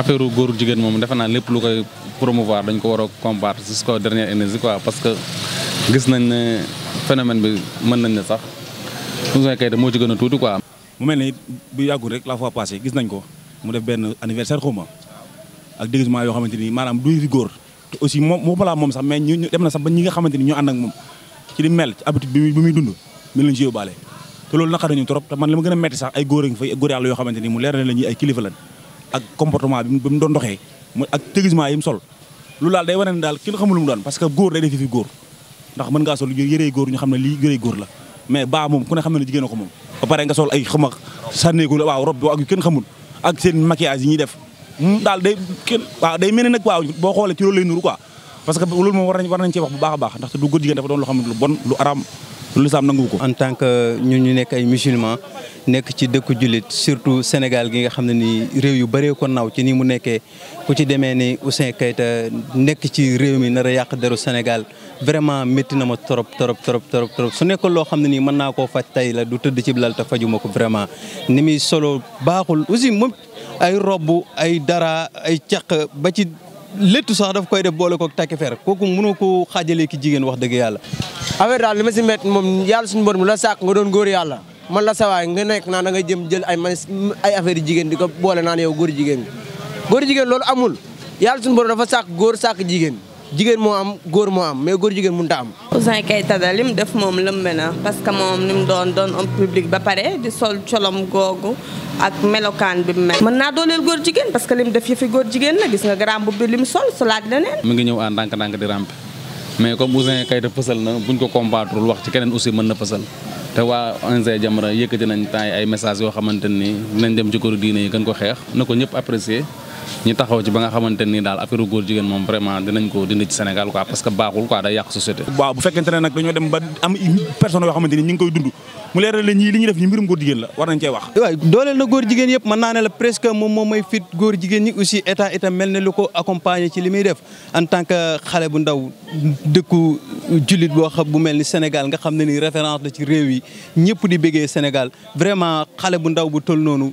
affaire góor jigéen moom defe naa lépp lu koy promouvoir dañ ko war a combattre jusqu'au dernier énergie quoi parce que gis nañ ne phénomène bi mën nañ ne sax Ouzin Keita moo ci gën a tuuti quoi. mu mel ni bu yàggul rek la ko mu def yoo xamante ni maanaam du fi góor te aussi moom moo balaa moom sax mais ñu dem na sax ba ñi nga xamante ni ñoo moom ci li mel ci habitude bi muy dund mel nañ ci yóbbaale te loolu naqar nañu a metti ni mu leer na la ay kilifa ak comportement bi mu doon doxee ak déguisement yi mu sol lu laal day wane daal kenn xamul mu doon parce que góor day def fi góor ndax mën ngaa sol yërey góor la mais baa moom ku ne xam ne jigéen a ko moom ba pare nga sol ay xama sànneeku waaw rob bi ak yu kenn xamul ak seen maquillage yi ñuy def daal day kenn waaw day nag boo xoolee ci lay nuru quoi parce que loolu moom war nañ war nañ bu baax a baax ndaxte du góor jigéen dafa doon loo xam lu bon lu lislaam nangu ko. en tant que ñun ñu nekk ay musulman nekk ci dëkku jullit surtout Sénégal gi nga xam ne nii réew yu bëree ko naw ci ni mu nekkee ku ci demee ni Ouzin Keita nekk ci réew mi nar a yàq deru Sénégal vraiment metti na ma trop trop trop trop trop su nekkoon loo xam ne nii mën naa koo faj tey la du tëdd ci lal te fajuma ko vraiment ni mi solo baaxul aussi moom ay rob ay dara ay caq ba ci léttu sax daf koy def boole ko takki fer kooku mënoo ko xaajale ki jigéen wax dëgg yàlla. affaire daal li ma si métti moom yàlla suñu borom la sàkk nga doon góor yàlla man la sawaay nga nekk naa a ngay jëm jël ay man affaire jigéen di ko boole naan yow góor jigéen bi góor jigéen loolu amul yàlla suñu borom dafa saak góor sàkk jigéen jigéen moo am góor moo am mais góor jigéen mënut a am. Ouzin Keita da lim def moom lëmbe na parce que moom ni doon doon homme public ba pare di sol colom googu ak melokaan bi mu mel. mën naa dooleel góor jigéen parce que lim la gis nga garaam bu bi lim sol solaat leneen. ngi ñëw à ndànk-ndànk di rampe. mais comme Ouzin Keita fësal na buñ ko combattre wax ci keneen aussi mën na fësal te waa ONG Jamra yëkkati nañ temps ay message yoo xamante nii daal affaire góor jigéen moom vraiment dinañ ko dindi ci Sénégal quoi parce que baaxul quoi day yàq société waaw bu fekkente ne nag dañoo dem ba am yoo xamante ni ñu koy dund mu leeral la def ñi mbirum góor jigéen la war nañ cee wax dooleel na góor jigéen yëpp mën naa presque dëkku jullit boo xam bu mel ni Sénégal nga xam ne ni référence la ci réew yi ñëpp di bëggee Sénégal vraiment xale bu ndaw bu toll noonu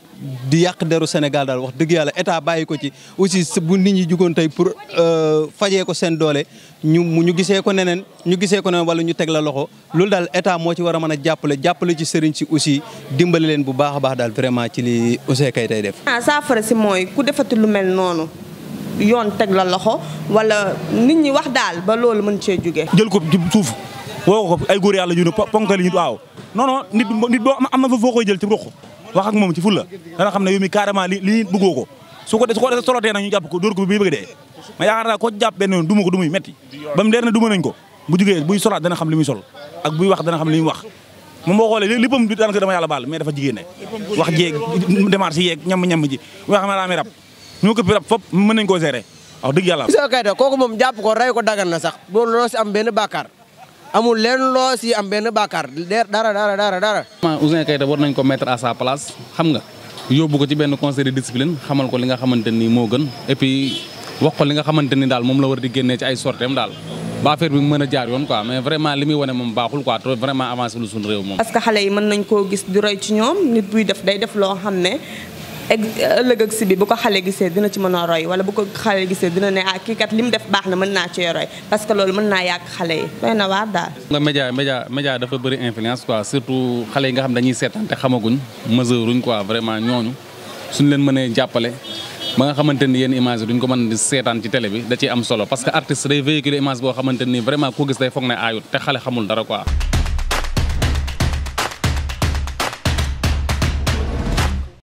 di yàq deru Sénégal daal wax dëgg yàlla état bàyyi ko ci. aussi bu nit ñi jugoon tey pour euh, fajee ko seen doole ñu ñu gisee ko neneen ñu gisee ko neneen wala ñu teg la loxo loolu daal état moo ci war a mën a jàppale jàppale ci sëriñ ci aussi dimbali leen bu baax baax daal vraiment ci li Ouzin Keita tey def. Ah, saafara si mooy ku defati lu mel noonu. yoon teg la loxo wala nit ñi wax daal ba loolu mën a jóge jël ko ci suuf woo ko ay góor yàlla ñu ne ponkali na fa foo koy jël ci ruq wax ak moom ci fulla li ko su ko su ko solotee nag ñu jàpp ko ma yaakaar bu jógee buy solaat dana xam li muy sol ak buy wax baal mais dafa jigéen wax jeeg démarche yeeg ñam ñam ji wax ma daa mi rab ñoo ko fi rab fop mën nañ koo Kayta kooku moom jàpp ko rey ko dagan na sax boo loo si am benn bàkkaar amul leen loo si am benn bàkkaar dara dara dara dara. vraiment Ouzin Kayta war nañ ko mettre à sa place xam nga yóbbu ko ci benn conseil de discipline xamal ko li nga xamante ni moo gën et puis wax ko li nga xamante daal moom la war di génnee ci ay sorteem daal. ba affaire bi mën a jaar yoon quoi mais vraiment li muy wane moom baaxul quoi trop vraiment avancé lu suñu réew moom. parce que xale def day def loo xam ëllëg ak si bi bu ko xale gisee dina ci mën a roy wala bu ko xale gisee dina ne ah kii kat li mu def baax na mën naa cee roy parce que loolu mën naa yàq xale yi doy na waar daal. nga média média média dafa bëri influence quoi surtout xale yi nga xam dañuy seetaan te xamaguñ meseuruñ quoi vraiment ñooñu suñ leen mënee jàppale ba nga xamante ni yenn image yi duñ ko mën seetaan ci télé bi da am solo parce que artiste day véhiculer image boo xamante ni vraiment ku gis day foog xale xamul dara quoi.